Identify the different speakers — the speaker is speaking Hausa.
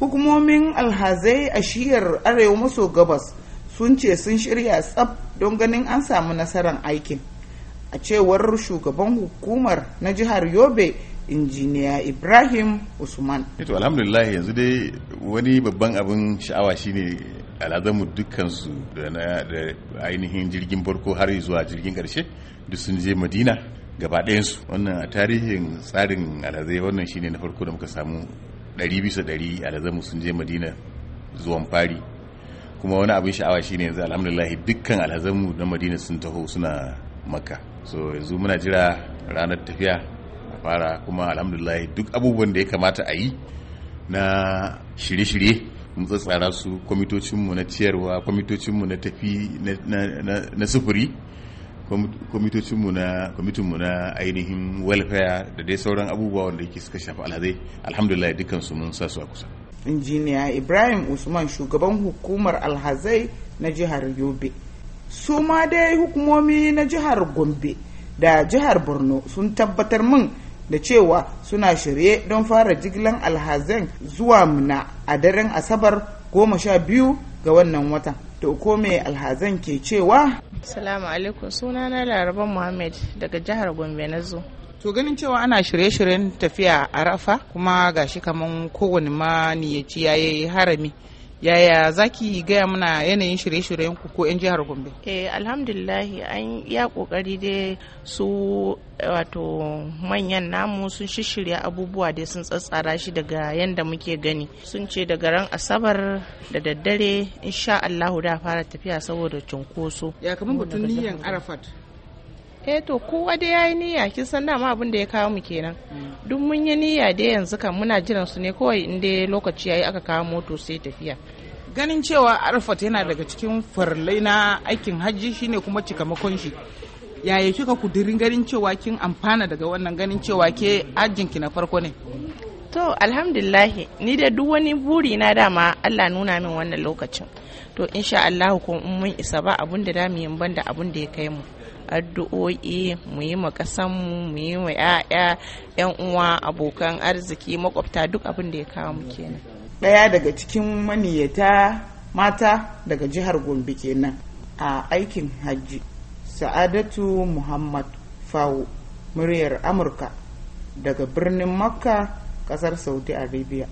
Speaker 1: hukumomin alhazai a shiyar arewa maso gabas sun ce sun shirya tsab don ganin an samu nasarar aikin a cewar shugaban hukumar na jihar yobe injiniya ibrahim usman
Speaker 2: ito alhamdulillah yanzu dai wani babban abin sha'awa shine mu dukkansu da na ainihin jirgin farko har zuwa jirgin karshe duk sun je madina gaba ɗayansu wannan a tarihin tsarin alhazai wannan shine na farko da muka samu ɗari bisa alazamu sun je madina zuwan fari kuma wani abin sha'awa shi ne yanzu alhamdulahi dukkan alazamu na madina sun taho suna maka. so yanzu muna jira ranar tafiya a fara kuma alhamdulahi duk abubuwan da ya kamata a yi na shirye-shirye mun tsatsara su kwamitocinmu na ciyarwa kwamitocinmu na tafi na sufuri kwamitin na na ainihin welfare da dai sauran abubuwa wanda yake suka shafi alhazai alhamdulillah dukkan su mun sa su a kusa
Speaker 1: injiniya ibrahim usman shugaban hukumar alhazai na jihar yobe su ma dai hukumomi na jihar gombe da jihar borno sun tabbatar min da cewa suna shirye don fara jigilan alhazan zuwa na a daren asabar goma sha biyu ga wannan watan to ko mai alhazan ke cewa
Speaker 3: Salamu alaikum suna na Laraba Muhammad daga jihar Gombe na zo.
Speaker 1: To ganin cewa ana shirye-shiryen tafiya a Rafa kuma shi kaman kowane ma niyyaci ya yi harami yaya zaki gaya mana yanayin shirye-shiryen ku ko 'yan jihar gombe
Speaker 3: eh alhamdulillahi an ya kokari dai su wato manyan namu sun shirya abubuwa dai sun tsatsara shi daga yanda muke gani sun ce daga ran asabar da daddare insha allahu da fara tafiya saboda cunkoso
Speaker 1: ya kamar mutum niyan arafat
Speaker 3: eh to kowa da yi niyya kin san dama abin da ya kawo mu kenan mm. duk mun yi niyya da yanzu kan muna jiran su ne kawai in dai lokaci yayi
Speaker 1: aka kawo moto sai tafiya ganin cewa arfat yana daga cikin farlai na aikin hajji shine kuma cikamakon shi yaya kika kudirin ganin cewa kin amfana daga wannan ganin cewa ke ajinki na farko ne
Speaker 3: to alhamdulillahi ni da duk wani buri na dama Allah nuna min wannan lokacin to insha Allah ko mun isa ba abun da da mu yin ban da abun da ya kai mu addu'o'i mu yi ma mu yi ma 'ya'ya 'yan uwa abokan arziki makwabta duk abin da ya kawo mu kenan
Speaker 1: ɗaya daga cikin maniyyata mata daga jihar gombe kenan a aikin hajji sa'adatu muhammad fawo muryar amurka daga birnin makka kasar saudi arabia